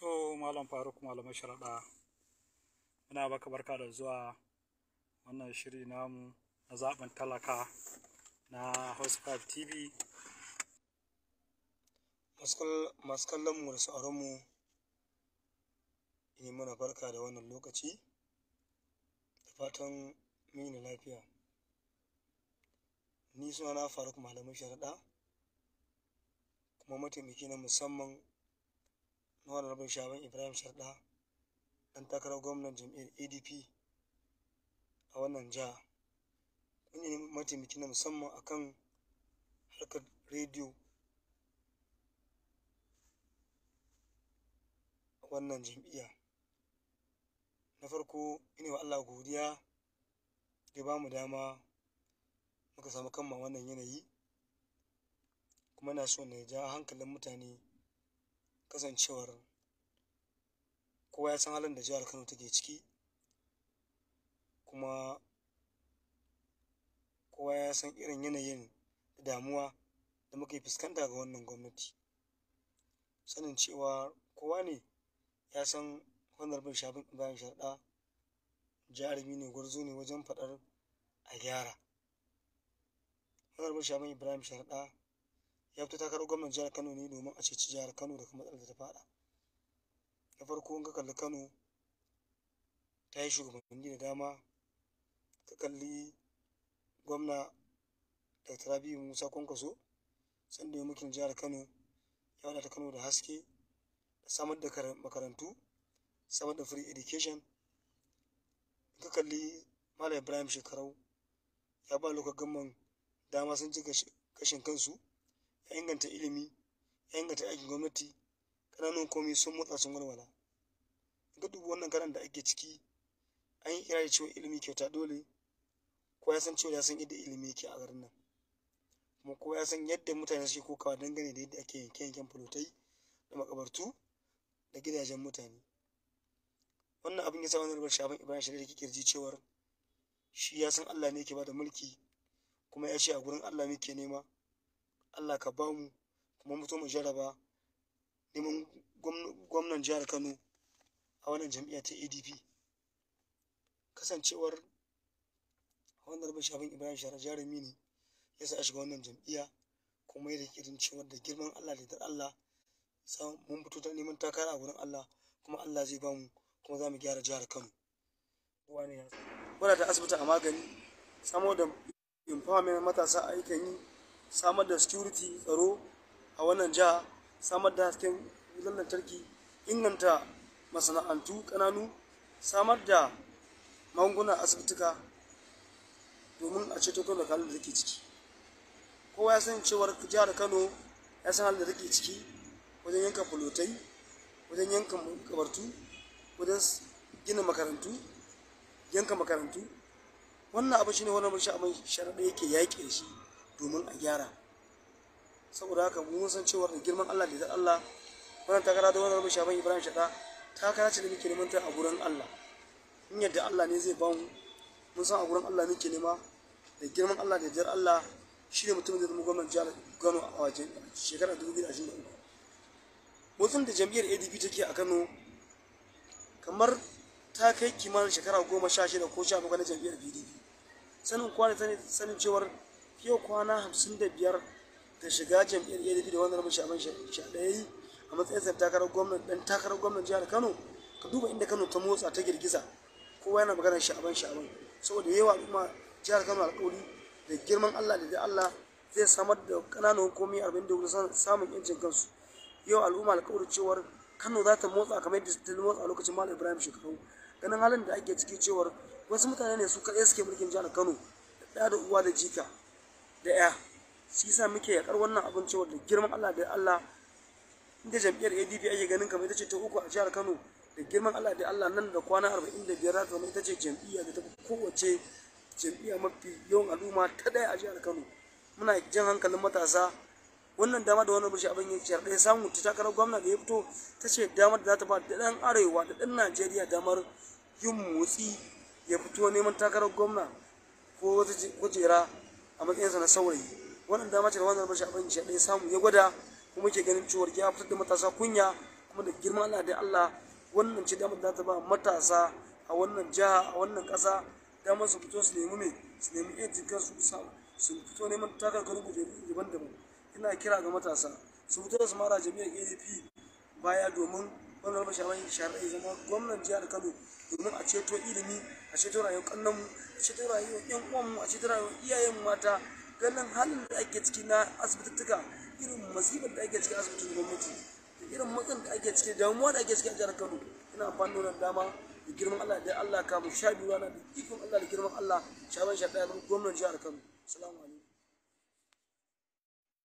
To Malam Faruk Malamai Sharaɗa, ina baka barka da zuwa wannan shiri namu na zaɓin talaka na House TV. Masu kallon mu da mu ne mana barka da wannan lokaci, da fatan mini lafiya. Ni suna na Faruk Malamai Sharaɗa, kuma mataimaki na musamman na rabin shaban ibrahim sharda dan takarar gwamnan jam'iyyar adp a wannan ja. wani ne mataimaki na musamman akan harkar rediyo a wannan jam'iyya na farko ina wa allah godiya da ba mu dama muka samu kanmu wannan yanayi kuma na so na ja hankalin mutane kasancewar kowa ya san halin da jihar kano take ciki kuma kowa ya san irin yanayin damuwa da muke fuskanta ga wannan gwamnati sanin cewa kowa ne ya san bin shafin ibrahim sharda jarumi ne gwarzo ne wajen faɗar a gyara bin shafin ibrahim sharda ya fita takarar gwamnan jihar kano ne domin a ceci jihar kano daga matsalar da ta fada na farko in ka kalli kano ta yi shugabanni da dama ka kalli gwamna dr abiyu musa kwankwaso sanda ya mulkin jihar kano ya wadata kano da haske da samar da makarantu samar da free education ka kalli malam ibrahim shekarau ya ba lokacin dama sun ci gashin kansu Ka inganta ilimi ka inganta aikin gwamnati ƙananan komai sun motsa sun walwala ga dubu wannan karan da ake ciki an yi kira da cewa ilimi kyauta dole kowa ya san cewa ya san yadda ilimi yake a garin nan kuma kowa ya san yadda mutane suke kokawa dangane da yadda ake yanke yanken fulotai da makabartu da gidajen mutane wannan abin ya sa wani rubar shafin ibrahim shari'a ke kirji cewar shi ya san allah ne yake da mulki kuma ya ce a gurin allah ne ke nema Allah ka ba mu kuma mu mu jaraba neman gwamnan jihar Kano a wannan jami'a ta ADP kasancewar wannan shafin Ibrahim Shara jarumi ne ya sa shiga wannan jam'iyya kuma ya irin cewa da girman Allah da Allah mun fito ta neman takara a gurin Allah kuma Allah zai ba mu kuma za mu gyara jihar Kano wani ya wadata asibiti a magani samo da empowerment matasa aikin yi samar da security tsaro a wannan jiha samar da hasken wutar lantarki inganta masana'antu kananu samar da magungunan asibitika domin a ceto kano da halin da take ciki kowa ya san cewar jihar kano ya san halin da take ciki wajen yanka fulotai wajen yanka kabartu wajen gina makarantu yanka makarantu wannan abu shine wani abin mai sharaɗa yake yaƙe shi domin a gyara saboda haka mun san cewar da girman Allah da zai Allah wannan takara da wannan rubuta shaban Ibrahim Shaka takara ce da muke neman ta a gurin Allah in yadda Allah ne zai bamu mun san a gurin Allah muke nema da girman Allah da jar Allah shi ne mutumin da zama gwamnan jihar gano a wajen shekarar 2023 mutum da jam'iyyar ADP take a Kano kamar ta kai kimanin shekara goma sha shida ko sha bakwai na jam'iyyar PDP sanin kwana sanin cewar fiye kwana hamsin da biyar da shiga jam'iyyar adp da wani rabin shaban yi a matsayin sa takarar gwamnati dan takarar gwamnati jihar kano ka duba inda kano ta motsa ta girgiza kowa yana magana sha'aban sha'aban saboda yawa al'umma jihar kano alƙawari da girman allah da allah zai samar da ƙananan hukumi arba'in da hudu samun yancin kansu yau al'umma alƙawari cewar kano za ta motsa kamar yadda ta motsa a lokacin malam ibrahim shekaru ganin halin da ake ciki cewar wasu mutane ne su kaɗai suke mulkin jihar kano da ɗaya da uwa da jika da ya shi yasa muke yakar wannan abin cewa da girman Allah da Allah inda jam'iyyar ADP ake ganin kamar ita ce ta uku a jihar Kano da girman Allah da Allah nan da kwana 45 za ta zama ita ce jam'iyya da ta kowace jam'iyya mafi yawan al'umma ta daya a jihar Kano muna jin hankalin matasa wannan dama da wannan bishi abin ya ciyar ɗaya samu ta takarar gwamna da ya fito ta ce dama da za ta ba da ɗan arewa da ɗan najeriya damar yin motsi ya fito neman takarar gwamna ko wata kujera a matsayinsa na saurayi wannan dama ce da wannan bashi abin shi ɗaya samu ya gwada kuma yake ganin cewa ya fitar da matasa kunya kuma da girman Allah da Allah wannan ce damar da ta ba matasa a wannan jiha a wannan ƙasa damar su fito su nemi me su nemi ejin kansu su fito neman takar kan kujeru daban-daban ina kira ga matasa su fito su mara jami'ar adp baya domin wannan bashi abin shi zama gwamnan jihar Kano domin a ceto ilimi a ceto rayuwar kannanmu a ceto rayuwar yan uwanmu a ceto rayuwar iyayen mata ganin halin da ake ciki na asibitittuka irin masifar da ake ciki asibitin gwamnati da irin matsin da ake ciki damuwa da ake ciki a jihar kano ina amfani da wannan dama da girman allah da allah kamu sha biyu rana da ikon allah da girman allah sha ban sha ɗaya gwamnan jihar kano salamu